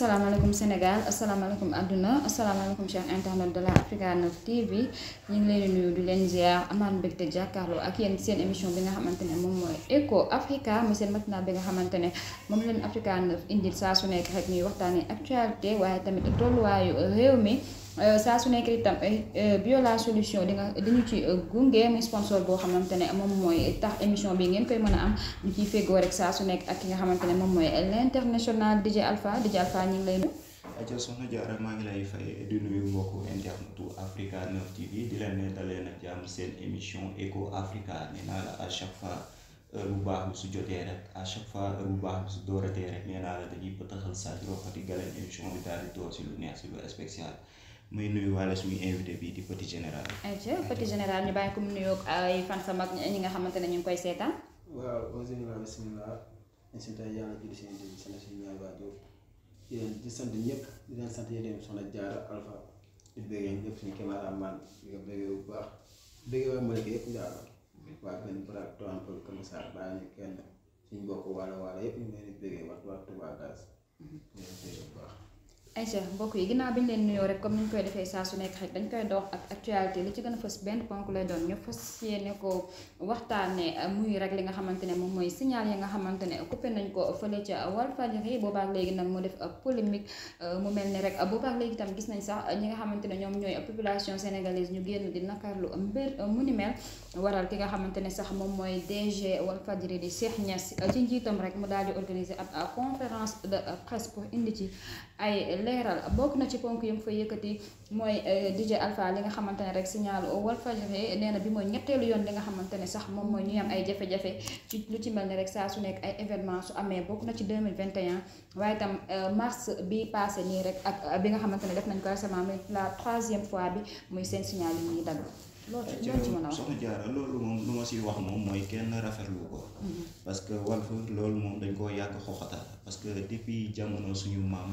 asalaamaaleykum Sénégal asalaamaaleykum àdduna asalaamaaleykum cher internet de la Africa 9 TV ñu ngi leen di nuyu di leen ziar amaan mbégte jàkkaarloo ak yéen seen émission bi nga xamante ne moom mooy Echo Africa mu seen matinal bi nga xamante ne moom leen Africa 9 indil saa su nekk rek ñuy waxtaanee actualité waaye tamit tolluwaayu réew mi. Euh, saa su nekk itam eh, eh, Biola solution di nga dañu ci eh, gunge muy sponsor boo xamante ne moom mooy tax émission bi ngeen koy mën a am ñu ciy féggoo rek saa su nekk ak ki nga xamante ne moom mooy international DJ Alpha DJ Alpha ñu ngi lay nuyu. maa ngi lay fay di nuyu mbokku internetu Africa 9 TV di leen ne dalee jàmm seen émission Eco Africa nee naa la chaque fois heure baax bi su jotee rek à chaque fois heure bu baax bi nee naa la dañuy pëtaxal sa juróom-fati galeen émission bi daal di door si lu neex si lu spécial. muy nuyu walla suñu invité bi di Petit Général. ayca Petit Général ñu bàyyi ko mu nuyoog euh, ay fan sama ak ñi nga xamante ne ñu ngi koy seetaan. waaw on dirait bismillah ñu sant yàlla julli seen di sant suñu ñaari waajur di leen di sant ñëpp di leen sant yéen soxna Diarra Alpha di bëggee ñëpp suñu cameraman di ko bëggee bu baax bëggee waa Malika yëpp daal waa benn Barack Toan Paul Kër Massar bàyyi ñu kenn suñu mbokk wàll wàll yëpp ñu ngi leen di bëggee wax waa Touba Gaz. Mm-hmm. di leen bëggee bu baax. Aïcha mbokk yi ginnaaw bi leen nuyoo rek comme ni ñu koy defee saa su nekk rek dañ koy dox ak actualité li ci gën a benn ponk lay doon ñu fës yéene ko waxtaane muy rek li nga xamante ne moom mooy signal yi nga xamante ne coupé nañ ko fële ca Walfadjri boobaak léegi nag mu def polémique mu mel ni rek boobaak léegi tam gis nañ sax ñi nga xamante ne ñoom ñooy population sénégalaise ñu génn di nakarlu mbir mu ni mel waral ki nga xamante ne sax moom mooy DG Walfadjri di Cheikh Niass ci njiitam rek mu daal di organiser ab conférence de presse indi ci ay leeral bokk na ci ponk yi mu fa yëkkati mooy eh, DJ Alpha li nga xamante ne rek signal Walfadjri nee na bi mooy ñetteelu yoon li nga xamante ne sax moom mooy ñuy am ay jafe-jafe ci lu ci mel ni rek saa su nekk ay événement su amee bokk na ci 2021 waaye itam eh, mars bi passé nii rek ak eh, bi nga xamante ne def nañ ko récemment mais la troisième fois bi muy seen signal yi ñuy dagg loolu moom lu ma wax moom mooy kenn rafetlu ko. Mm-hmm. parce que Walf loolu moom dañ koo yàgg xoxatal parce que depuis jamono suñu maam.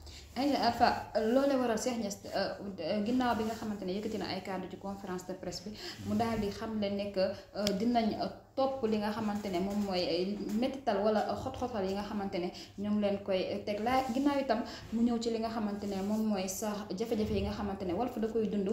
Aïcha Alpha loolee waral Cheikh Niass euh, ginnaaw bi nga xamante ne yëkkati na ay kàddu ci conférence de presse bi mu daal di xam le ne que euh, dinañ. topp li nga xamante ne moom mooy métital wala xot-xotal yi nga xamante ne ñu leen koy teg laa ginnaaw itam mu ñëw ci li nga xamante ne moom mooy sax jafe-jafe yi nga xamante ne Walf da koy dund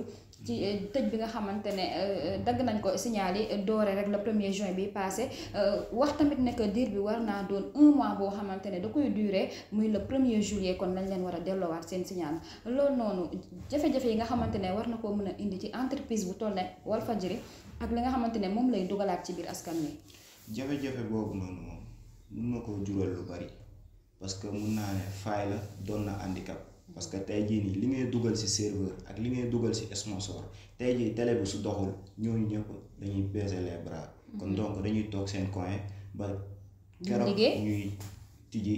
ci eh, tëj bi nga xamante ne eh, dagg nañ ko signal yi doore rek le premier juin bi passé eh, wax tamit ne que bi war naa doon un mois boo xamante ne da koy durer muy le premier juillet kon lañ leen war a delloowaat seen signal loolu noonu jafe yi nga xamante ne war na koo mën a indi ci entreprise bu toll ne Walfadjri ak li nga xamante ne moom lay dugalaat ci biir askan wi. jafe-jafe boobu noonu moom mun na koo jural lu bari parce que mun naa ne faay doon na handicap parce que tey jii nii li ngay dugal si serveur ak li ngay dugal si sponsor tey jii télé bi su doxul ñooñu ñëpp dañuy peser les bras. kon mhm. donc dañuy toog seen coin ba. keroog ñuy tijji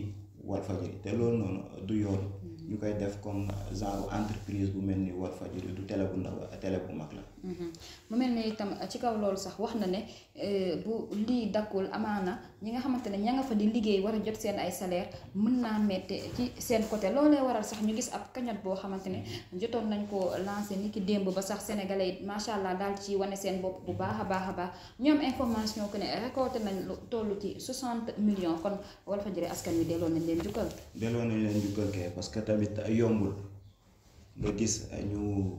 Walfadjri te loolu noonu du yoon. Mhm. ñu koy def comme genre entreprise bu mel ni Walfadjri du télé bu ndaw télé bu mag mu mhm. melni ne itam ci kaw loolu sax wax ne eh, bu li dakul amana ñi nga xamantene ne ña nga fa di liggéey wara jot seen ay salaire mën na metti ci seen côté loolee waral sax ñu gis ab kañat bu xamantene ne jotoon nañ ko lancer ni ki démb ba sax sénégalais it macha allah ci wane seen bop bu baaxa baaxa ba ñu am information que ne récolté nañ lu tollu ci 60 millions kon wala fa jëre askan wi délo nañ leen jukkal délo nañ leen jukkal ké parce que tamit yombul nga gis ñu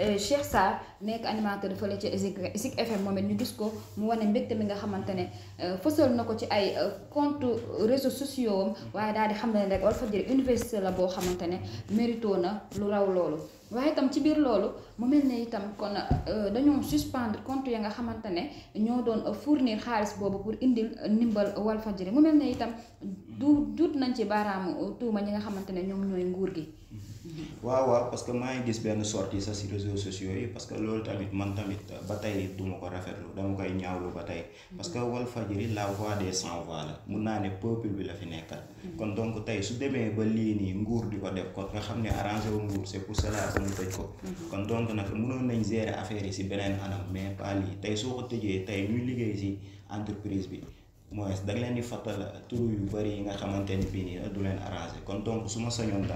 Euh, Cheikh Sarr nekk animateur fële ca Zik FM moom it ñu gis ko mu wane mbégte mi nga xamante ne euh, fësal na ko ci ay euh, compte réseaux sociaux am waaye daal di xam ne rek Walfadjri université la boo xamante ne mérito na lu raw loolu. waaye itam ci biir loolu mu mel ne itam kon dañoo suspendre compte ya nga xamante ne ñoo doon fournir xaalis boobu pour indil ndimbal Walfadjri mu mel ne itam du jut nañ ci baaraamu ma ñi nga xamante ne ñoom ñooy nguur gi. Mm-hmm. waaw waaw parce que maa ngi gis benn sortie sa si réseaux sociaux yi parce que loolu tamit man tamit ba tey du ma ko rafetlu dama koy ñaawlu ba tey parce que wol Walfadjri laa voix des san voix la mun naa ne peuple bi la fi nekkal mm. kon donc tey su demee ba lii nii nguur di ko def kon nga xam ne arrangé wu nguur c'est pour cela que tëj ko mm-hmm. kon donc nag mënoon nañ gérer affaire yi si beneen anam mais pas lii tey soo ko tëjee tey ñuy liggéey si entreprise bi mooy da leen di fàttal tur yu bëri yi nga xamante ni bii nii arrangé kon donc su ma sañoon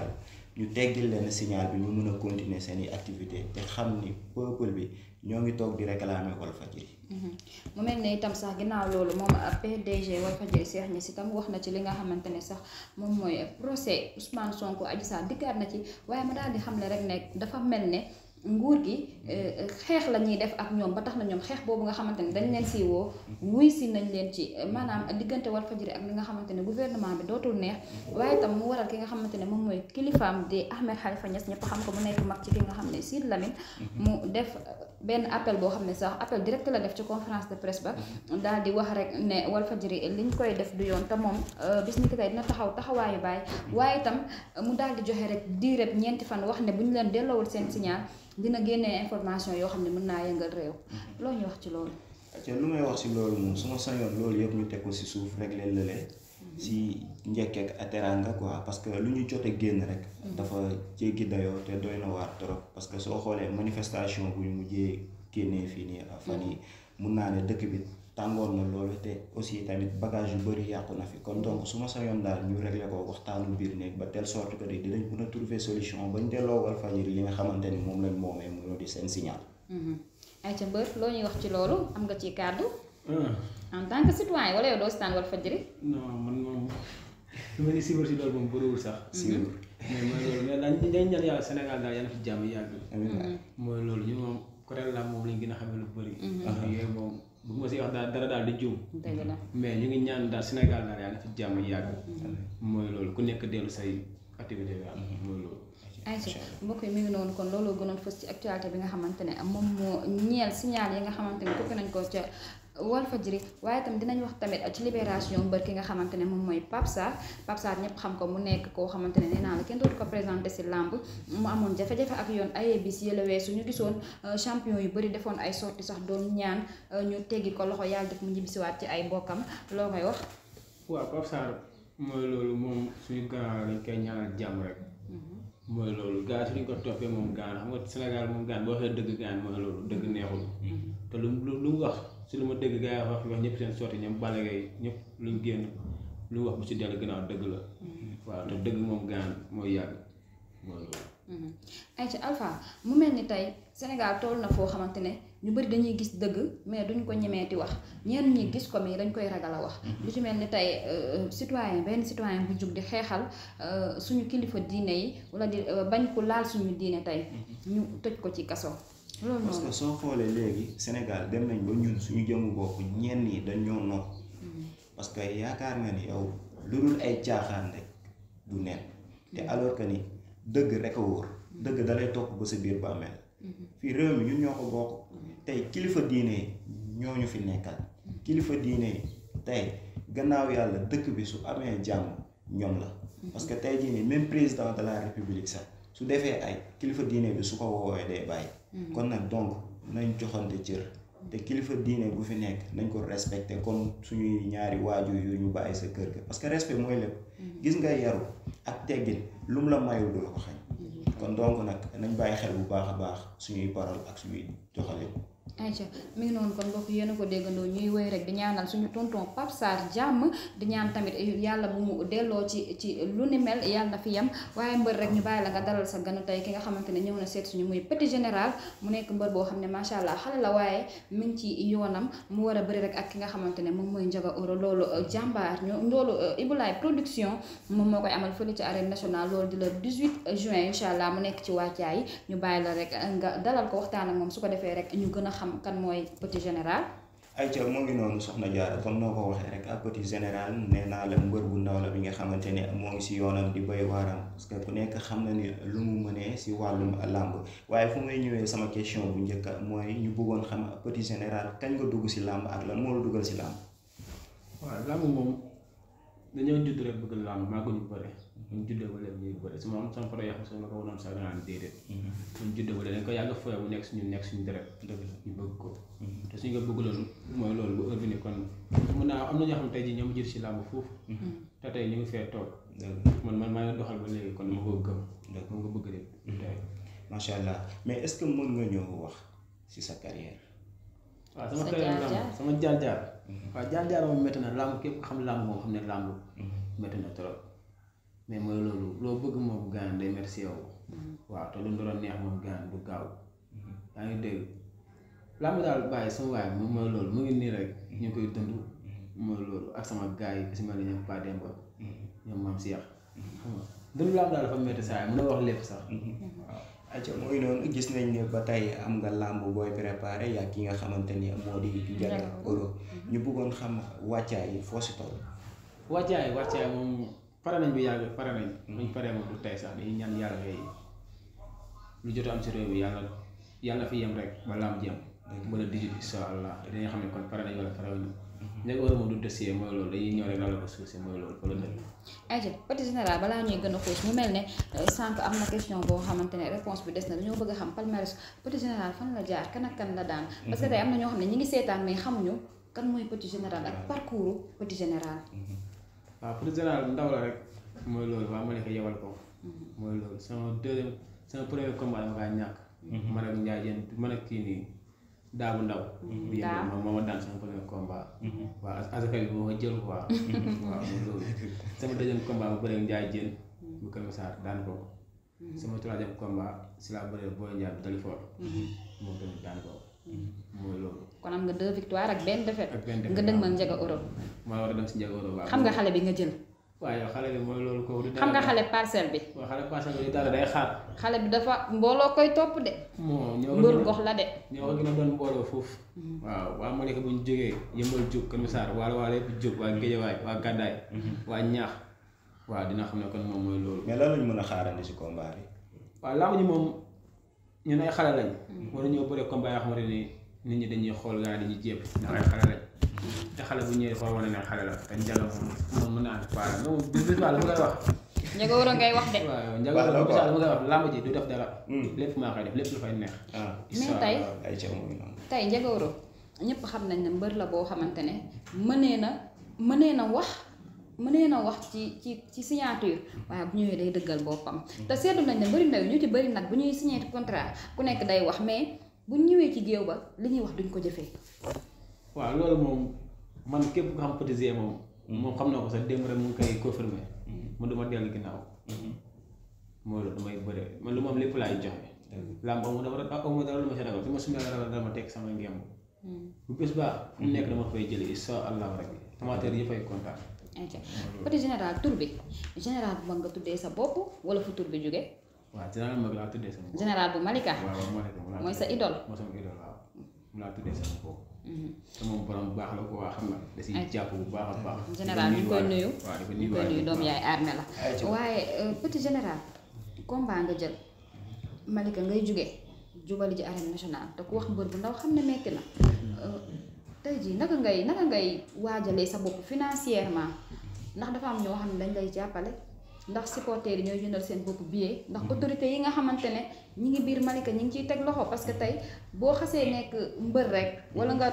ñu teggil leen signal bi ñu mën a continuer seen i activité te xam ni peuple bi ñoo ngi toog di a Walfadjri mhm. mu mel ne itam sax ginnaaw loolu moom PDG Walfadjri Cheikh si itam wax na ci li nga xamante ne sax moom mooy procès Ousmane Sonko Adji Sarr dikkaat na ci waaye ma daal di xam ne rek ne dafa mel ne nguur gi euh, xeex lañuy def ak ñoom ba tax na ñoom xeex boobu nga xamante dañ leen siiwoo wuy si nañ leen ci euh, maanaam diggante fajiri ak li nga xamante gouvernement bi dootul neex waaye tam mu waral ki nga xamante moom kilifaam di Ahmed Khalifa Niass ñëpp xam ko mu nekk mag ci ki nga xam ne Lamine mhm. mu def euh, ben appel boo xam ne sax appel direct la def ci conférence de presse ba mhm. daal di wax rek ne Walfadjri liñ koy def du yoon te moom bis ni ki dina taxaw taxawaayu baay mhm. waaye tam mu daal di joxe rek diireb ñeenti fan wax ne bu ñu leen delloowul seen signal dina génne information yoo xam ne mën naa yëngal réew mhm. loo ñu wax ci loolu te lu may wax si loolu moom su ma sañoon loolu yëpp ñu teg ko si suuf rek leen lële si mhm. njëkk ak teraanga quoi parce que lu ñu jotee génn rek mhm. dafa jéggi dayoo te doy na waar trop parce que soo xoolee manifestation bu ñu mujjee génnee fii nii fan yi mun naa ne dëkk bi tàngoor na loolu te aussi tamit bagage yu bëri yàqu na fi kon donc su ma sa yoon daal ñu régler ko waxtaanu biir néeg ba telle sorte que di dinañ mën a trouver solution bañ delloo Walfadjri li nga xamante ni moom lañ moomee mu di seen signal. Mhm. ayca mbër loo ñuy wax ci loolu am nga ci kàddu. Ah. en tant que citoyen wala yow doo seetaan Walfadjri. non man moom li ma di siiwal si loolu moom bëriwul sax. Mhm. siiwal mais mooy loolu mais ñaan yàlla Sénégal daal yàlla fi jàmm yàgg. Mhm. mooy loolu moom la moom lañ gën bëgguma si wax daal dara daal di juum. mais ñu ngi ñaan daal Sénégal daal yàlla fi jàmm yàgg. mooy loolu ku nekk dellu say activité yi am mooy loolu. ayca mbokk yi mi ngi noonu kon looloo gënoon fës ci actualité bi nga xamante ne moom moo ñeel signal yi nga xamante ne coupé nañ ko ca. Walfadjri waaye itam dinañ wax tamit ci libération bër ki nga xamante ne moom mooy Pape Sarr Pape ñëpp xam ko mu nekk koo xamante ne nee naa la kenn dootu ko présenté si làmb mu amoon jafe-jafe ak yoon ay bis yële weesu ñu gisoon euh, champion yu bëri defoon ay sorti sax doon ñaan euh, ñu teggi ko loxo yàlla def mu ñibbisiwaat ci ay mbokkam loo koy wax. waaw Pape Sarr mooy loolu moom suñu gannaaw lañ koy ñaanal jàmm rek. Mm-hmm. mooy loolu gaa suñu ko toppee moom gaan xam nga Sénégal moom gaan boo xee dëgg gaan mooy loolu dëgg neexul. Mm-hmm. te si lu ma dëgg gars yi wax wax ñëpp seen sotti ñoom Balla Gaye ñëpp luñ génn lu wax bu si dellu gannaaw dëgg la. Mm-hmm. waaw te dëgg moom gaan mooy yàgg ay mm-hmm. ci Alpha mu mel ni tey Sénégal toll na foo xamante ne ñu bëri dañuy gis dëgg mais duñu ko ñemeeti wax ñeen ñi gis ko mii dañ koy ragal a wax. mu mm-hmm. ci mel ni tey euh, citoyen benn citoyen bu jug di xeexal euh, suñu kilifa diine yi wala di euh, bañ ko laal suñu diine tey ñu tëj ko ci kaso. parce que soo xoolee léegi Sénégal dem nañ ba ñun suñu jëmu bopp ñenn yi dañoo nopp hmm. parce que yaakaar nga ni yow lu dul ay caaxaan rek du nen te hmm. alors que ni dëgg rek a wóor hmm. dëgg dalay topp ba sa biir bàmmeel fii réew mi ñun ñoo ko bokk tey kilifa diine yi ñoo ñu fi nekkal kilifa diine yi tey gannaaw yàlla dëkk bi su amee jàmm ñoom la parce que tey jii nii même président de la république sax su defee ay kilifa diine bi su ko woowee day bàyyi. Mm-hmm. kon nag donc nañ joxante cër. te kilifa diine bu fi nekk nañ ko respecté comme suñuy ñaari waajur yu ñu bàyyi sa kër ga parce que respect mooy lépp. Mm-hmm. gis nga yaru ak teggin lu mu la mayul du la ko xañ. Mm-hmm. kon donc nag nañ bàyyi xel bu baax a baax suñuy parole ak suñuy joxale ayca mi ngi noonu kon mbokk yéen ko déggandoo ñuy woy rek di ñaanal suñu tonton Pape Sarr jàmm di ñaan tamit yàlla bu mu delloo ci ci lu ni mel yàlla na fi yem waaye mbër rek ñu bàyyi la nga sa ganu tey ki nga xamante ne ñëw na seet suñu muy petit général mu nekk mbër boo xam ne macha allah xale la waaye mi ngi ci yoonam mu war a bëri rek ak ki nga xamante ne moom mooy Ndiaga Euro loolu euh, jàmbaar ñu loolu euh, Ibulaay production moom moo koy amal fële ci arène nationale loolu di le 18 juin incha mu nekk ci wàccaay ñu bàyyi la rek nga dalal ko waxtaan moom su ko defee rek ñu gën xam kan mooy petit général. ayca mu ngi noonu soxna Diarra kon moo ko waxee rek ak petit général nee naa la mbër bu ndaw la bi nga xamante ne moo ngi si yoonam di béy waaram parce que ku nekk xam na ni lu mu mënee si wàllum làmb waaye fu may ñëwee sama question bu njëkk mooy ñu bëggoon xam petit général kañ ko dugg si làmb ak lan moo la si làmb. waaw làmb moom dañoo judd rek bëgg làmb maa ko ñu bëre ñu juddoo ba léegi ñuy bëri su ma am sama photo yoo xam ne ko wonoon sax danaan déedéet mhm. ñu juddoo ba léegi dañ ko yàgg fooy nekk suñu nekk suñu deret ñu bëgg ko mhm. te suñu ko bëgg loolu mooy loolu bu heure kon mun naa am na ñoo xam ne tey jii ñoom jël si làmb foofu mhm. te tey ñu ngi fee toog man man maa ngi doxal ba léegi kon ma ko gëm moom nga bëgg de tey macha allah mais est-ce nga ñëw wax si sa carrière waaw sama carrière làmb sama jaar jaar waaw jaar jaar moom métti na làmb képp xam làmb mais moy lolu lo bëgg moom gaan day merci yow wa to lu ndoro neex mo gaan du gaaw da ngay dégg làmb dal baye sama way mo moy lolu mo ngi ni rek ñu koy dund mo lolu ak sama gaay ci si ma la Pa Demba ñoom maam si yàq xam nga dund làmb daal dafa métti saa wax lepp sax waaw aco mooy noonu gis nañ ne ba tay am nga lamb boy préparé ya ki nga xamanteni mo moo di njaga euro ñu bëggoon xam waccay yi foo si waccay wàccaay wàccaay pare nañ bu yàgg pare nañ. Mm-hmm. buñ paree moom du tey yàlla yooyu lu jot yàlla fi yem rek ba laam jëm. ba le 18 incha allah dañuy xam ne kon pare nañ wala pare wuñu. nekk mm-hmm. wala moom du dossier mooy loolu dañuy ñëw rek la la ko suuf si mooy loolu. ayca général balaa ñuy gën a xuus mu mel ne euh, sànq am na question boo xamante ne réponse bi des na dañoo bëgg a xam palmarès petit général fan la jaar kan ak kan la daan. Mm-hmm. parce que tey am na ñoo xam ne ñi ngi seetaan mais xamuñu kan mooy petit général ak parcours petit général. waaw plus général ndaw la rek mooy loolu waaw ma ne yebal ko mm-hmm. mooy loolu sama deuxième sama premier combat dama kaa ñàkk. Mm-hmm. Mm-hmm. ma daan sama premier bu Kër Massar daan ko. sama troisième combat si laa bëree Boy Ndiaye bu Dalifort. moom tamit daan ko. mooy loolu. kon am nga deux victoires ak benn défaite. ak benn défaite nga dëgmal Europe. maa war a dem si njëga Europe xam nga xale bi nga jël. waaw yow xale bi mooy loolu ko xam nga xale parcelle bi. waaw xale parcelle bi dara day xaar. xale bi dafa mbooloo koy topp de. mbër gox la de. ñoo ko gën a doon mbooloo foofu. Mm-hmm. waaw waa Malika bu ñu jógee yëmbal jóg Kër Massar waalo waalo yëpp jóg waa Géejawaay waa Gàddaay. Mm-hmm. waa Ñaax waaw dina xam ne kon moom mooy loolu. mais la ñu mën a xaarandi si combat bi. ñu ne xale lañ. wala ñoo bëre combat yoo xamante ni nit ñi dañuy xool gars ñu jéem ndax ay xale lañ. te xale bu ñëwee foo wane ne xale la te Ndiago moom mën naa faara moom bis la mu ngay wax. Ndiago war ngay wax de. waaw Ndiago war a mu ngay wax làmb ji du def dara. Hmm. lépp maa koy def lépp lu fay neex. ah mais tey tey Ndiago xam nañ ne mbër la boo xamante ne mënee na mënee na wax. mune na wax ci ci ci signature waaye bu ñëwee day dëggal bopam te sétu nañ ne bari ndaw ñu ci bari nak bu ñuy signer contrat ku nekk day wax mais bu ñëwé ci gëw ba li ñuy wax duñ ko jëfé wa loolu mom man képp ko xam Petit Zé mom moom xam na ko sax démb rek mu ngi koy confirmé mm-hmm. man duma dellu ginnaaw mm-hmm. mooy loolu damay bëré man lu mom lepp lay joxé joxe lamb amu dama rek ah, amu lu ma si ragal ma sumee dama tek sama ngëm mm. bu bés ba nekk mm-hmm. dama fay jële insha allah rek tamater yi fay kontaan incha petit général tur bi général bu mag nga tuddee sa bopp wala fu tur bi jóge waaw général bu mag laa tuddee sama bopp général sa sama mm-hmm. idol moom borom bu baax la ko waa xam nga. da ciy jàpp bu baax a baax. général ñu koy nuyu ñu koy nuyu doom yaay armé la. waaye euh, petit général combat nga jël Malika ngay jóge jubali ji arène nationale te ku wax mbër bu ndaw xam ne metti na. Mm-hmm. Euh, tey jii naka ngay naka ngay wajale sa bop financièrement ndax dafa am ño xam dañ lay jappalé ndax supporter yi jëndal seen bop billet ndax autorité yi nga xamantene ñi ngi bir Malika ñi ngi ciy tek loxo parce que tay bo xasse nek mbeur rek wala nga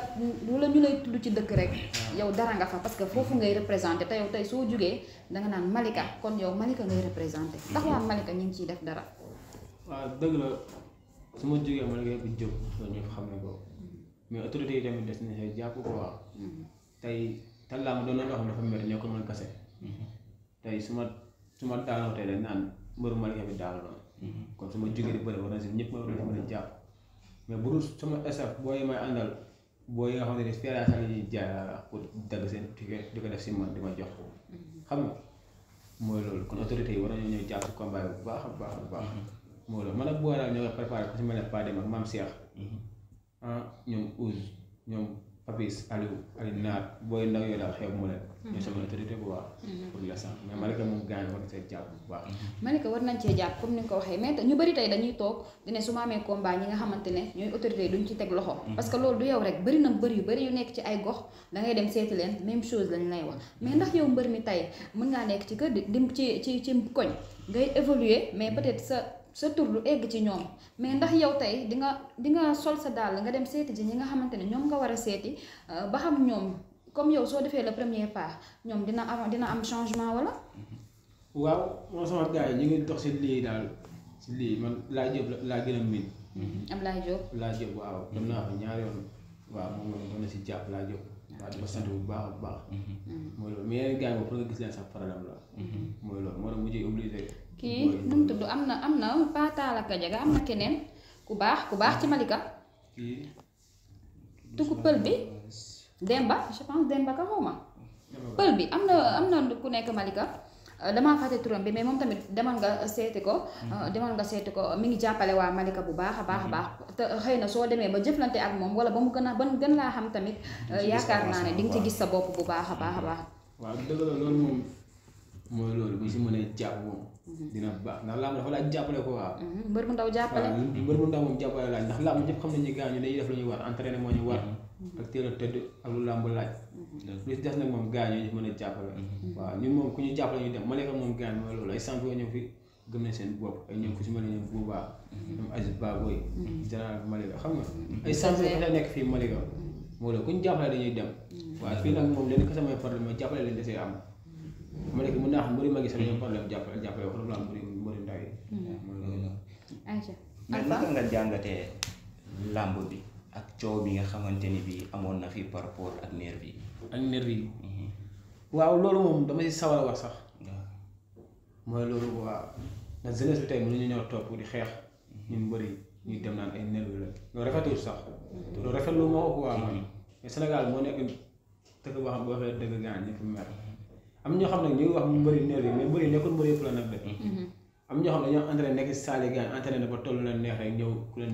wala ñu lay tuddu ci dëkk rek yow dara nga fa parce que fofu ngay représenter tay yow tay so juggé da nga Malika kon yow Malika ngay représenter ndax wa Malika ñi ngi ciy def dara. wa dëgg la suma juggé Malika yëpp jëm loolu ko. mais autorité yi tamit des na see jàpp quoi tey tàllaama doon na loo xam dafa métti ñoo ko mën kase tey su ma su ma daanoo tey dañ naan mbëru Malika su ma jógee di bëri war na si ñëpp ma jàpp mais bu sama staff booy may àndal booy nga xam ne fédération la ñuy jaay def si man di ma jox xam nga mooy loolu kon autorité yi war nañoo ñëw jàpp si combat bu baax a baax a baax mm-hmm. mooy loolu man ak booy ñoo koy préparé ku si mel ne Paa Dem ak Maam Cheikh ñoom Ousse ñoom Papis alu Aliou Naar booy ndaw yooyu daal xew mu leen. ñoo sama autorité bu baax. pour l'instant mais Malika moom gaañ war na see jàpp bu baax. Malika war nañ cee jàpp comme ni nga ko waxee mais ñu bëri tey dañuy toog di ne su ma amee combat ñi nga xamante ne ñooy autorité yi duñ ci teg loxo. parce que loolu du yow rek bëri na mbër yu bëri yu nekk ci ay gox da ngay dem seeti len même chose lañ lay wax mais ndax yow mbër mi tey mën ngaa nekk ci kër di ci ci koñ ngay évoluer mais peut-être sa. sa tur lu egg ci ñoom mais ndax yow tey di nga di nga sol sa dàll nga dem seeti ji ñi nga xamante ne ñoom nga war a seeti euh, ba xam ñoom comme yow soo defee le premier pas ñoom dina am dina am changement wala. waaw moom sama ñu ngi dox lii daal si lii man laa jëb laa gën a miin. am laa jëb laa jëb waaw. dem naa fa ñaari yoon waaw moom la mën na si jàpp laa jëb. waaw di ko bu baax bu baax. Mhm. Mhm. mooy loolu mais yeneen gars moom pour nga gis leen sax problème la. Mhm. mooy loolu moo tax mujjee obligé. kii nu mu tudd am na am na Pataala Kajaga am na keneen ku baax ku baax ci Malika. tukku pël bi Demba je pense Demba ka xaw ma pël bi am na am na ku nekk Malika euh, damaa fàtte turam bi mais moom tamit demal nga seeti ko. Hmm. Euh, demal nga seeti ko mi ngi jàppale waa Malika bu baax a baax a hmm. baax. te euh, xëy na soo demee ba jëflante ak moom wala ba mu gën a ban gën laa xam tamit. Hmm. yaakaar naa ne di ci gis sa bopp bu baax a baax a baax. mooy loolu bu si mënee jàpp moom dina baax ndax làmb dafa laaj jàppale ko waaw mbër bu ndaw jàppale mbër bu ndaw moom jàppale laaj ndax làmb ñëpp xam nañu gaañu dañuy def lu ñu war entraîné moo ñu war ak teel a tëdd ak lu làmb laaj lu si des nag moom gaañu ñu mën a jàppale waaw ñun moom ku ñu jàppale ñu dem Malika moom mooy loolu ay ñëw fi gëm nañ seen bopp ay ñoom ku si a ne Bouba ñoom Aziz Baboy général Malika xam nga ay champion dafa nekk fii Malika moo la ku ñu jàppale dañuy dem waaw fii nag moom leen ko samay problème jàppale leen desee am ma nekk mën naa xam mbëri magi sax dañoo problème jàppale jàppale wax la mbëri mbëri ndaw yi. ayca mais naka nga jàngatee bi ak coow bi nga hmm. xamante ya. ni bi amon na fi par rapport ak nervi yi. ak nervi yi. waaw loolu moom dama si sawar wax sax. mooy loolu waaw na jeunesse bi tey mënuñu ñëw topp di xeex ñun mbëri ñu dem naan ay nervi la loolu rafetul sax. Hmm. loolu rafetlu moo ko waaw hmm. man e Sénégal moo nekk dëkk boo xam boo xee dëgg mer. am ñoo xam ne ñu ngi wax mbëri nerf yi mais mbëri nekkul mbëri yëpp la nag de. Mhm. am ñoo xam ne dañoo entraîné nekk si salle yi entraîné dafa toll na neex rek ñëw yi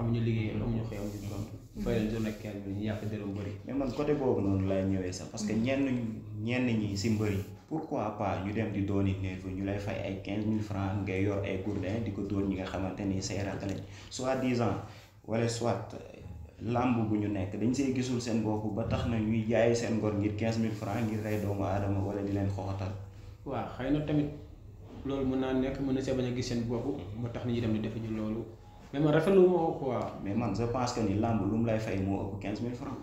amuñu liggéey amuñu xëy amuñu mhm. mais man côté boobu noonu lay ñëwee sax parce que ñenn mhm. ñenn ñi si mbëri pourquoi pas ñu dem di dooni nerf ñu lay fay ay quinze mille francs ngay yor ay gourdin di ko dóor ñi nga xamante ni say rakk lañ soit dix ans wala soit làmb bu ñu nekk dañ see gisul seen bopp ba tax na ñuy jaay seen ngor ngir 15000 francs ngir rey doomu aadama wala di leen xoxatal. waaw xëy na tamit loolu mun naa nekk mën na see bañ a gis seen bopp. ba tax na ñu dem di def ñu loolu. mais man mais man je làmb lu mu lay fay moo ëpp 15000 francs.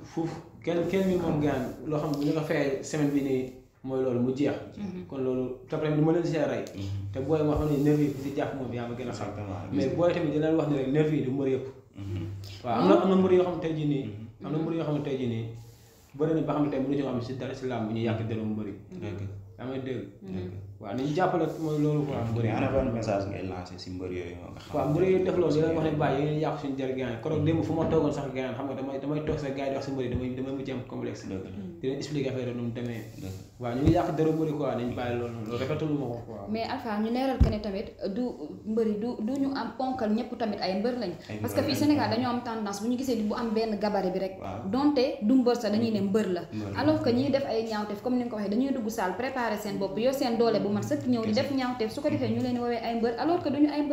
moom gaan loo xam bu ñu ko fayee semaine bi nii mooy loolu mu jeex. Mhm. kon loolu toppatoo du ma leen see rey. Mhm. te booy ma xam ne nervi yi si jàpp moom yaa ma gën a xam. mais booy tamit dinañ wax ne rek nervi yi du yëpp. Mm-hmm. waaw am na am na mbir yoo xam tey jii nii. Mm-hmm. am na mbir yoo xam ne tey jii nii bëri na ba xam ne tey mënuñu xam si dara si bu ñu yàq dërëm mbëri. dëgg la damay dégg. waaw nañu jàppale mooy loolu quoi. mbër yi ana ban message ngay lancé si mbër yooyu nga xam. nga damay damay toog sax gaañ di wax si mbër damay damay mujj am complexe. dëgg di leen expliquer affaire nu mu demee. waaw ñu ngi yàq dara bëri quoi nañ bàyyi loolu loolu rafetlu ma ko mais Alpha ñu leeral que ne tamit du mbëri du du ñu am ponkal ñëpp tamit ay mbër gisee bu am benn gabarit bi rek. donte du mbër sax dañuy ne mbër la. alors que ñiy def ay ñaawteef comme ni nga ko waxee ñu ay mbër alors que duñu ay mhm.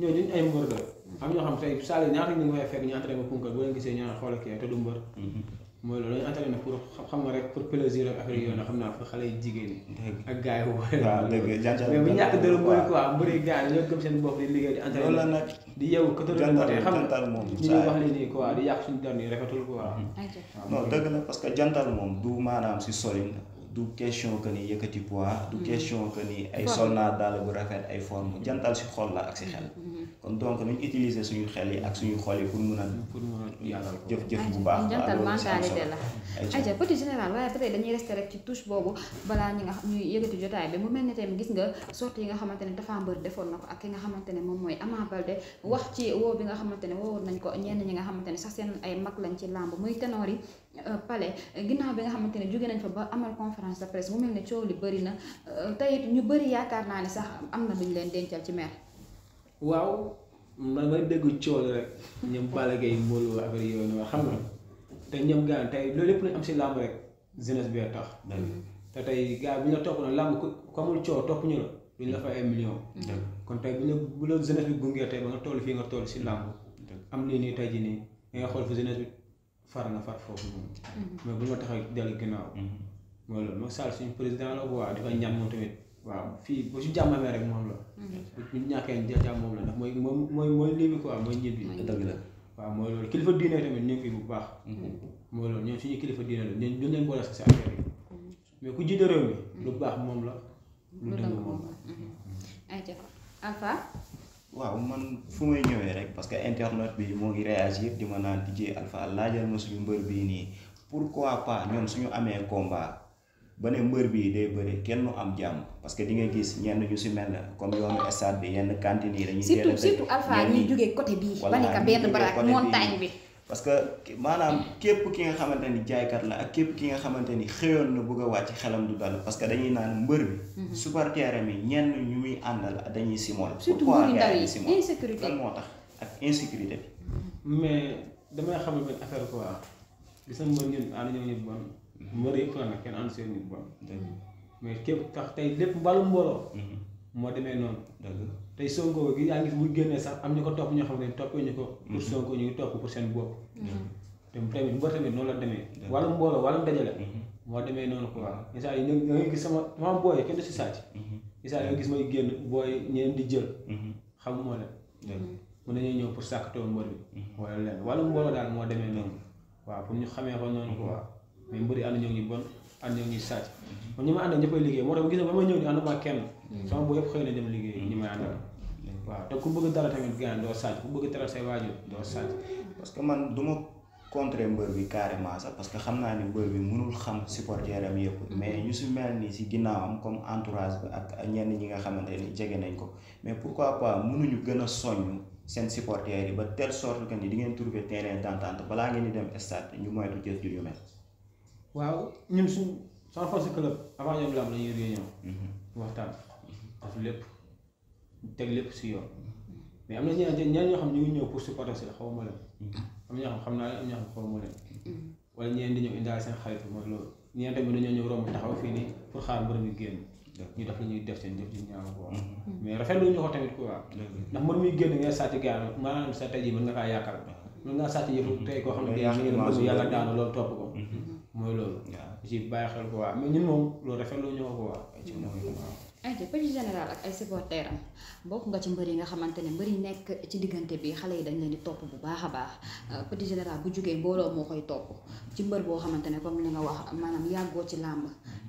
ay mbër la am ñoo xam tey saal yi ñu fekk ñu entraîné ko punkal boo leen gisee ñaar xool kee te du mbër mhm. mooy loolu dañu entraîné pour xam nga rek pour plaisir ak affaire yooyu xam naa fa xale yi jigéen ak gars yi wala. waaw dëgg jantal mais bu ñàkk dërëm bëri quoi bëri gars yi ñoo gëm seen bopp di liggéey di entraîné. loolu la nag di yow ko tëral tey xam nga ñu wax li nii quoi di yàq suñu dara yi rafetul quoi. Mm-hmm. non dëgg la parce que jantal moom du maanaam si solin du question que ni yëkkati poids. du mm-hmm. question que ni ay sol naa daal bu rafet ay formes mm-hmm. jantal si xol la ak si xel. kon donc nañ utiliser suñu xel yi ak suñu xol yi pour mun a. pour mun a yàlla jëf jëf bu baax. jantal mentalité la. ayca petit général waaye peut-être dañuy rester rek ci touche boobu balaa ñi nga ñuy yëgati jotaay bi mu mel ni gis nga sortie yi nga xamante ne Tapha Mbeur defoon na ko ak ki xamante ne moom mooy Ama wax ci woo bi nga xamante ne woowoon nañ ko ñenn ñi nga xamante ne sax seen ay mag lañ ci làmb muy ténor yi euh, palais ginnaaw bi nga xamante ne jóge nañ fa ba amal conférence de presse mu ne coow li bëri na euh, tey ñu bëri yaakaar naa ne sax am na duñ leen dencal ci mer waaw man may dégg coono rek ñoom Balla Gaye Modou Lo yooyu noonu xam nga te ñoom gars yi tey loolu lépp lu am si làmb rek jeunesse bee tax. te tey gars bu ñu la topp na làmb ku amul coow topp ñu la duñ la fay ay millions. kon tey bu ñu bu la jeunesse bi gungee tey ba nga toll fii nga toll si làmb. am lii nii tey jii nii da nga xool fu jeunesse bi far na far foofu moom. Mhm. mais bu ma tax a dellu ginnaaw. Mhm. mooy loolu suñu président la bu waa di ko ñaan waaw fii ba su jàmm rek moom la. Mhm. bu ñu ñàkkee jàmm moom la ndax mooy mooy mooy lii bi ko mooy ñibbi. dëgg la waaw mooy bu baax. Mhm. mooy loolu kilifa diine la ñun ñu mhm. ku jiite réew lu baax moom la. lu dëgg waaw man fu may ñëwee rek parce que internet bi moo ngi réagir di ma naan DJ Alpha laajal ma suñu mbër bii nii pourquoi pas ñoom suñu amee combat. ba ne mbër bii day bëri kenn nu am jàmm parce que di nga gis ñen ñu ci mel comme yoonu stade bi ñen cantine yi dañuy teel a surtout surtout alpha ñi jógee côté bi banika benn baraak montagne bi parce que manam képp ki nga xamanteni jaay kat la ak képp ki nga xamanteni ni na bëgg a wàcc xelam du dal parce que dañuy naan mbeur bi super terrain mi mhm. ñen ñu muy andal dañuy simol pourquoi dañuy simol lan motax ak insécurité bi mais dama xamul benn affaire quoi gis nga mbër ñun ànd ñoo ñu bon. Mhm. mbër yëpp la nag kenn ànd seen ñu bon. mais képp tax tey lépp mbalu mbooloo. Mhm. moo demee noonu. tey Sonko gi yaa ngi bu sax am ñu ko topp ñoo xam ne toppee ñu ko. pour mhm. Sonko ñu ngi topp pour seen bopp. te tamit mbër tamit noonu la demee. wàllum mbooloo wàllum dajale. moo demee noonu quoi. isa yi da ngay gis sama sama booy kenn isa yi gis may génn booy ñeen di jël. xamuma leen. mën nañoo ñëw pour sàkk tool mbër bi. wala lenn wàllum mbooloo daal moo demee noonu. waaw pour ñu xamee ko noonu ko waaw mais mbëri ànd ñoo ngi bon ànd ñoo ngi sàcc man ñi ma àndal ñëppay liggéey moo tax bu gis ba ma ñëw ni ànduma kenn mm. sama bu yëpp na dem liggéey ñi may àndal mm. waaw te ku bëgg dara tamit gaan doo sàcc ku bëgg teral say waajur doo parce que man du ma contre mbër bi carrément sax parce que xam naa ne mbër bi mënul xam supporter am yëpp mm. mais ñu su mel ni si ginnaawam comme entourage bi ak ñenn ñi nga xamante ni jege nañ ko mais pour pourquoi pas mënuñu gën a soññ seen supporters yi ba telle sorte que kan, ni di ngeen trouver terrain d'entente balaa ngeen di dem stade ñu du jëf ju ñu mel. waaw ñun suñ sa force club avant la am la ñuy réunion. waxtaan daf lepp tek lepp ci yoon mais amna na ñeneen ñeneen ñoo xam ñu ngi ñëw pour supporter ci xawma la am na ñoo xam xamna am ñoo xam xawma la wala ñeneen di ñëw indal seen xarit mo lool ñeneen tamit dañu ñëw romb taxaw fi ni pour xaar mbër génn. ñu def li ñuy def seen def ci ñaaw quoi. Mhm. mais rafetlu ñu ko tamit quoi. ndax mën muy génn ngay sàcc gaa maanaam sa tey ji mën nga kaa yaakaar mën ngaa sàcc yëpp mhm. tey koo xam ne yaa ngi leen yàlla daanu loolu topp ko mhm. mooy loolu ci bàyyi xel quoi mais ñun moom loolu rafetlu ñu ko quoi ayca petit général ak ay supporter am bokk nga ci mbër yi nga xamante ne mbër yi nekk ci diggante bi xale yi dañ leen di topp bu baax a baax euh, petit général bu jugee mbooloo moo koy topp ci mbër boo xamante ne comme li nga wax maanaam yàggoo ci làmb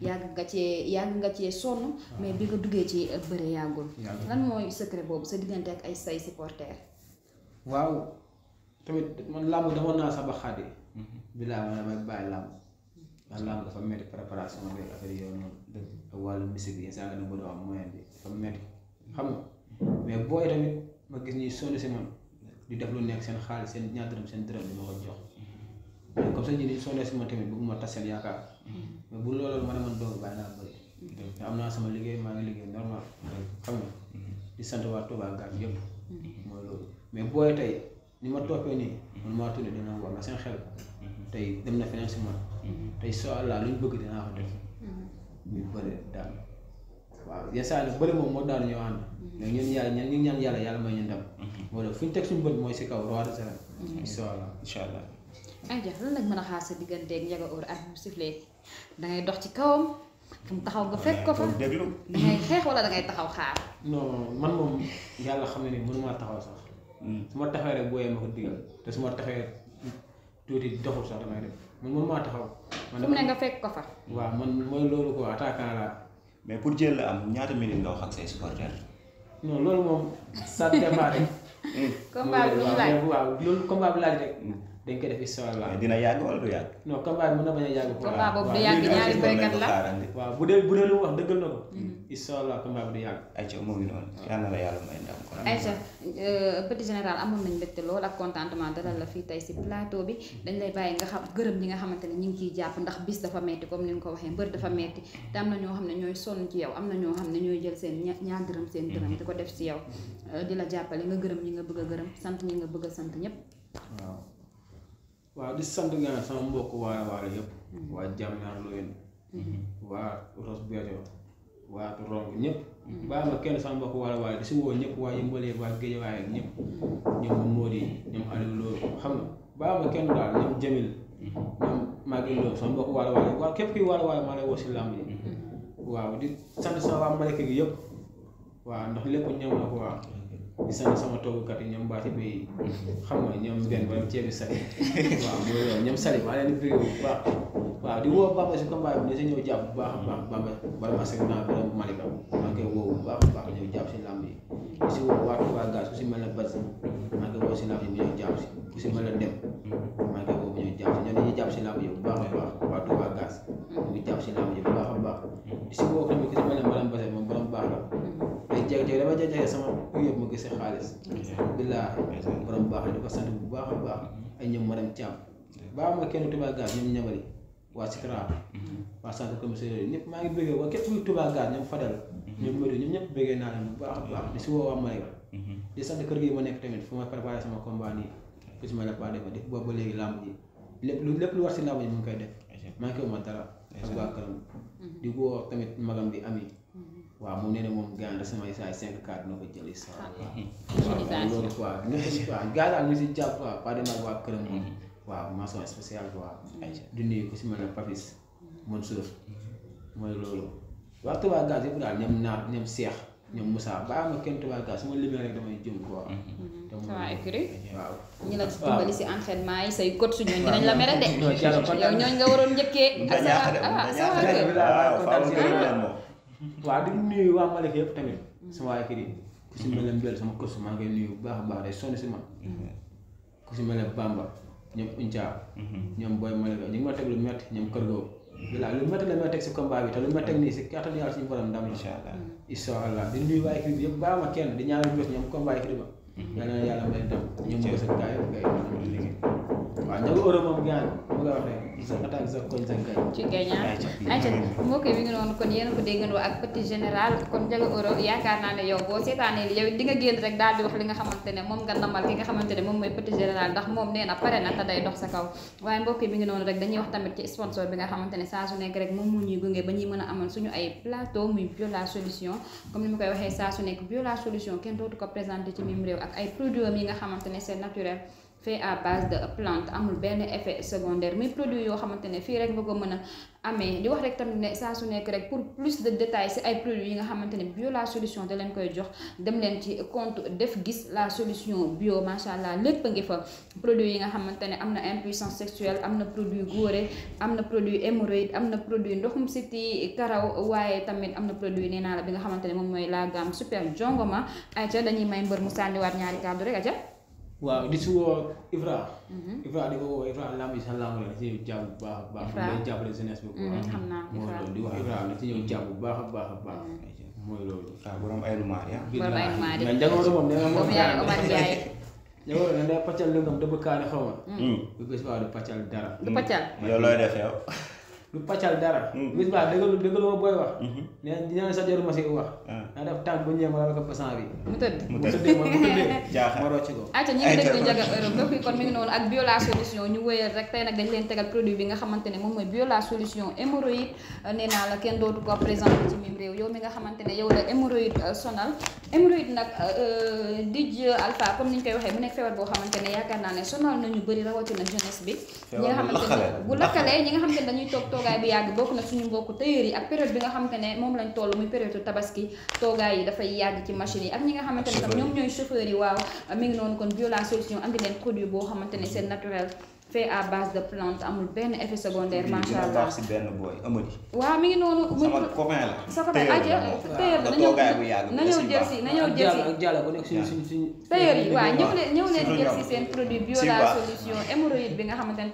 yàgg nga cee yàgg nga cee sonn mais bi nga duggee ci bëre yàggul lan mooy secret boobu sa diggante ak ay say supporter waaw tamit man làmb dafa naa sa baxaat yi mhm. bi laa ma bàyyi làmb ndax làmb dafa metti préparation bi ak affaire yooyu noonu. dëgg ak wàllu musique bi instant yii da am moyen bi dafa metti xam nga mais booy tamit ma gis ñuy sonn si man di def lu nekk seen xaalis seen ñaar dërëm seen dërëm jox mm-hmm. comme ça ñu ni sonn si man tamit bëgguma tas seen yaakaar mm-hmm. mais bu loolu ma ne man doog bàyyi naa bëri. Mm-hmm. am naa sama liggéey maa ngi liggéey normal xam nga di sant waa Touba Gare yëpp mooy loolu mais booy tey ni ma toppee nii man maa tudd dina war na seen xel. tey dem na feneen si man tey soo àllaa lu ñu bëgg dinaa ko def ñu bëri daal waaw yasaa nag bëri moom moo daal ñoo ànd mais ñun yàlla ñun ñu ñaan yàlla yàlla mooy ñu ndam wala fu ñu teg suñu bët mooy si kaw roi de Saloum incha allah incha allah Adja lan lañ mën a xaar sa digganteeg Ndiaga Or ak mu siflee dangay dox ci kawam fu taxaw nga fekk ko fa déglu dangay xeex wala dangay taxaw xaar non man moom yàlla xam ne ni mënumaa taxaw sax su ma taxawee rek booyee ma ko digal te su ma taxawee tuuti doxul sax damay def man mënumaa taxaw. man fu mu ne nga fekk ko fa. waaw man mooy loolu quoi attaquant laa. mais pour jël la am ñaata minute nga wax ak say supporters. non loolu moom ça dépend rek. Hmm. combat bi laaj rek. Hmm. dañ koy def histoire dina yàgg wala du yàgg. non combat bi na bañ a yàgg. waaw combat boobu yàgg ñaari béykat la waaw bu dee bu dee lu wax dëggal na ko. Hmm. incha allah combat bi du yàgg. ayca moo ngi noonu yal na la yàlla may ndam kon. ayca euh, petit général amoon nañ mbégte lool ak contentement dalal la fii tey si plateau bi mm-hmm. dañ lay bàyyi nga xam gërëm ñi nga xamante ne ñu ngi ciy jàpp ndax bis dafa metti comme ni nga ko waxee mbër dafa metti te am na ñoo xam ne ñooy sonn ci yow am na ñoo xam ne ñooy jël seen ñaar dërëm seen dërëm mm-hmm. ko def si yow mm-hmm. euh, di la jàppale nga gërëm ñi nga bëgg gërëm sant ñi nga bëgg a sant ñëpp. waaw di sant nga sama mbokk waare waare yëpp waa jàmm naa looyun waa Ross Béthio waa Ronk ñëpp. Mm-hmm. baax ma kenn sax mbokk wala waaye di si woo ñëpp waa Yëmbalee waa Géejawaay ak ñëpp mm-hmm. ñoom moo di ñoom Aliou loolu xam nga baax ma kenn daal ñoom Jamil mm-hmm. ñoom Maguette Lo sama mbokk wala waaye waaw waa ndax lépp ñoom la ko di sama toggukat yi ñoom baati bi xam nga ñoom benn ba ceebi sali waaw mooy ñoom sali maa leen di bu baax waa di woo Bamba si combat bi ne si ñëw jàpp bu baax a baax Bamba borom asegnaa borom Malika maa ngi koy woo bu baax a baax ñëw jàpp si làmb yi ku si woo waatu waa gaz ku si mel ne Badji maa ngi koy si làmb yi mu ñëw jàpp si ku si mel ne Dem maa ngi koy woo mu ñëw jàpp si ñoom bu baax a baax waatu waa mm-hmm. bu baax a baax di mm-hmm. ma gis si xaalis baax a baax mm-hmm. baa ma kenn tubaab gaz ñoom ñamari waa Citra mm-hmm. waa centre commercial yooyu ñëpp maa ngi bëggee waa képp kuy Touba gaar ñoom Fadel mm-hmm. ñoom Modou ñoom ñëpp bëggee naa leen bu baax a baax mm-hmm. di si woo waa Malika di sant kër gi ma nekk tamit fu ma préparé sama combat nii ku si ma la boobu ba léegi làmb ji lépp lu lépp lu war si làmb ji mu ngi koy def maa ngi koy ma dara ak waa këram di woo tamit magam bi ami waaw moom nee na moom gaan la samay noo ko jël sa ah. waaw si jàpp quoi pas de nag këram moom waaw mention spéciale quoi. di nuyu ko si mel ne Papis Mansour mooy loolu. waa Touba Gaz yëpp daal ñoom naar ñoom Seex ñoom Moussa baax ma kenn Touba Gaz su ma limee rek damay jëm quoi. sama écurie waaw. ñu la dimbali si entraînement yi say coach ñooñu dinañ la mere de. yow ñooñu nga waroon njëkkee. ak sa ah sa waaw di nuyu waa Malick yëpp tamit sama waa écurie ku si mel ne Mbel sama su maa ngi koy nuyu bu baax a baax day sonn si man ku si mel ne Bamba. ñoom Unca. Mhm. ñoom Boy Malika ñu ngi ma teg lu métti ñoom Kër Góob. bilaa lu métti la ma teg si combat bi te lu ma teg nii si kàttan yàlla suñu borom ndam la. incha allah incha allah di nuyu waa équipe bi yëpp baax ma kenn di ñaanal ñu ñoom combat yi fi di ba. na yàlla may ndam ñoom mos a gaay gaay waaw ña nga Europe moom gaañ ma nga waxee ah. a ko déggandoo ak nga génn rek ki nga xamante ne moom mooy petit général ndax moom nee na pare na te day dox sa xamante ne saa su nekk rek moom a amal suñu ay plateau muy Viola Solution koy waxee saa su nekk Viola Solution kenn dootu ko présenté ci mim réew ak ay produit yi nga xamante ne naturel fait à base de plante amul benn effet secondaire muy produit yoo xamante ne fii rek nga ko mën a amee di wax rek tamit ne saa su nekk rek pour plus de détails si ay produits yi nga xamante ne bio la solution da leen koy jox dem leen ci compte def gis la solution bio macha allah lépp ngi fa produit yi nga xamante ne am na impuissance sexuelle am na produit góore am na produit hémorroïde am na produit ndoxum siti karaw waaye tamit am na produit nee naa bi nga xamante ne moom mooy la gamme super jongoma ayca may mbër mu sànniwaat ñaari kàddu rek aja Wah di hmm. si woo Ibra. Mm-hmm. Ibra di ko woo Ibra lamb yi sa lamb la bah bah, jàpp bu baax a baax. Ibra mu jàppale jeunesse bi. xam naa Ibra di wax Ibra bah bah bah, jàpp bu baax a baax a baax. mooy loolu. waaw borom ay numaar ya. borom ay numaar yi mais jagoro moom nee na moom yaa Omar Ndiaye. jagoro ne day pàccal lëngam dëbb kaani xaw ma. bu bés baax du pàccal dara. du pàccal. yow looy def yow. du pàccal dara. Misbah dëgg dëgg wax. Mm-hmm. nee na nee na sax si wax. Ah. naa def tànk bu ñu ma la ko passant bi. mu tëdd mu tëddee ma mu tëddee. jaaxal ma rocc ngi di jaga Europe noonu ak Biola solution ñu wéyal rek tey nag dañ leen tegal produit bi nga xamante ne moom mooy Biola solution hémorroïde nee naa la kenn dootu ko présenté ci mim réew yow mi nga xamante ne yow la hémorroïde euh, sonal hémorroïde nag euh, Dj Alpha comme ni ñu koy waxee mu nekk feebar boo xamante ne yaakaar naa ne sonal nañu toogaay bu yàgg bokk na suñu mbokku tailleur ak période bi nga xamante ne moom lañ toll muy période tabaski toogaay yi dafay yàgg ci machine yi ak ñi nga xamante ne ñoom ñooy chauffeur yi waaw ne c'est naturel fait à base de plante amul benn effet secondaire macha na ñëw jël si na ñëw jël si yi leen ñëw leen jël seen produit Viola Solution hémorroïde bi nga xamante ne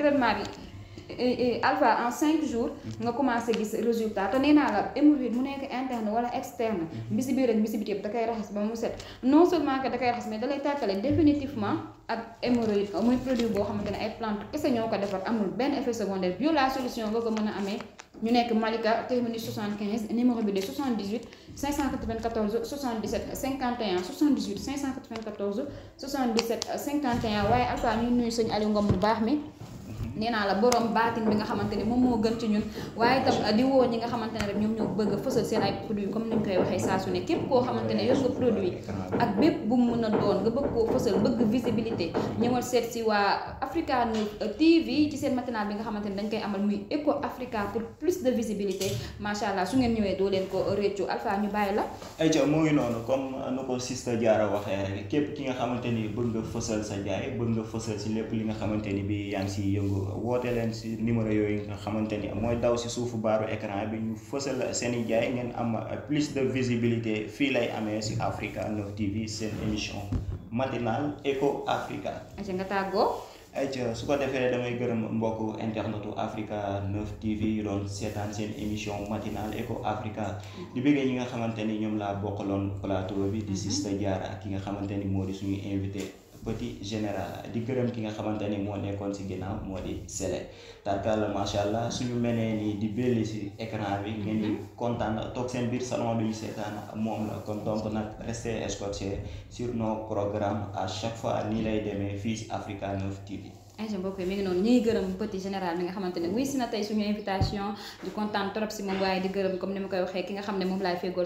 alpha en 5 jours nga commencé gis les résultats. nee naa la hémorroïde mu nekk interne ou externe Nous mhm. avons ak bisi biti non seulement que da koy mais nous avons définitivement ak hémorroïde muy produit boo plantes. quest ay plante nous avons ko amul Ben effet secondaire bio la solution nga ko mën Nous sommes ñu Malika terminus 75 numéro bi 78 594 77 51 78 594 77 51 Ouais. Alpha nous nous sëñ Aliou Ngom bu baax nee naa la borom baatin bi nga xamante ne moom moo gën ci ñun waaye itam ne rek ñoom ñoo bëgg a fësal seen ay produit comme ni ñu koy waxee saa su ne képp koo xamante si waa Africa News TV ci seen matinal bi nga xamante ne dañ koy amal muy Eco Africa pour plus de visibilité macha allah su ngeen ñëwee doo leen ko réccu Alpha ñu bàyyi la. ayca mu ngi noonu comme nu ko sista Diarra waxee rek képp ki nga xamante ni bëgg nga fësal sa jaay bëgg nga fësal si lépp li nga xamante ni bi yaa ngi si yëngu woote leen si numéro yooyu nga xamante ni mooy daw si suufu baaru écran bi ñu fësal seen i jaay ngeen am plus de visibilité fii lay amee si Africa 9 TV seen émission matinale Eco Africa. ayca nga tàggoo. ayca su ko defee damay mbokku internetu Africa 9 TV yu doon seetaan seen émission matinale Eco Africa di bëggee ñi nga xamante ni ñoom laa bokkaloon plateau bi di mm-hmm. Sista Diarra ki nga xamante ni moo di invité. petit général di gërëm ki nga xamante ni moo nekkoon si ginnaaw moo di Sélé tarkalla macha allah suñu menee ni di belli si écran bi ngeen di mhm. kontaan toog seen biir salon bi ñu seetaan moom la kon donc nag restez scotchés sur nos programmes à chaque fois nii lay demee fils Africa 9 TV. incha mbokk yi mi ngi noonu ñuy gërëm petit général comme ni ma koy waxee ki nga xam ne moom laay feggool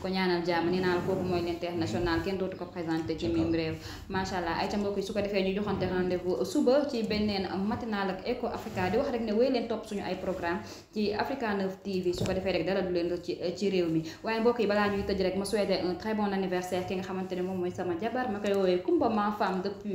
la kooku mooy l'international kenn dootu ko présenté ci mim réew macha allah ay ca mbokk yi su ko defee ñu joxante rendez suba ci benneen matinal ak Eco Africa di wax rek ne wéy leen topp suñu ay programme ci Africa 9 TV su ko defee rek dara du leen ci ci réew mi waaye mbokk yi balaa ñuy tëj rek ma souhaiter très bon anniversaire ki nga xamante moom mooy sama jabar ma koy woowee Kumba ma depuis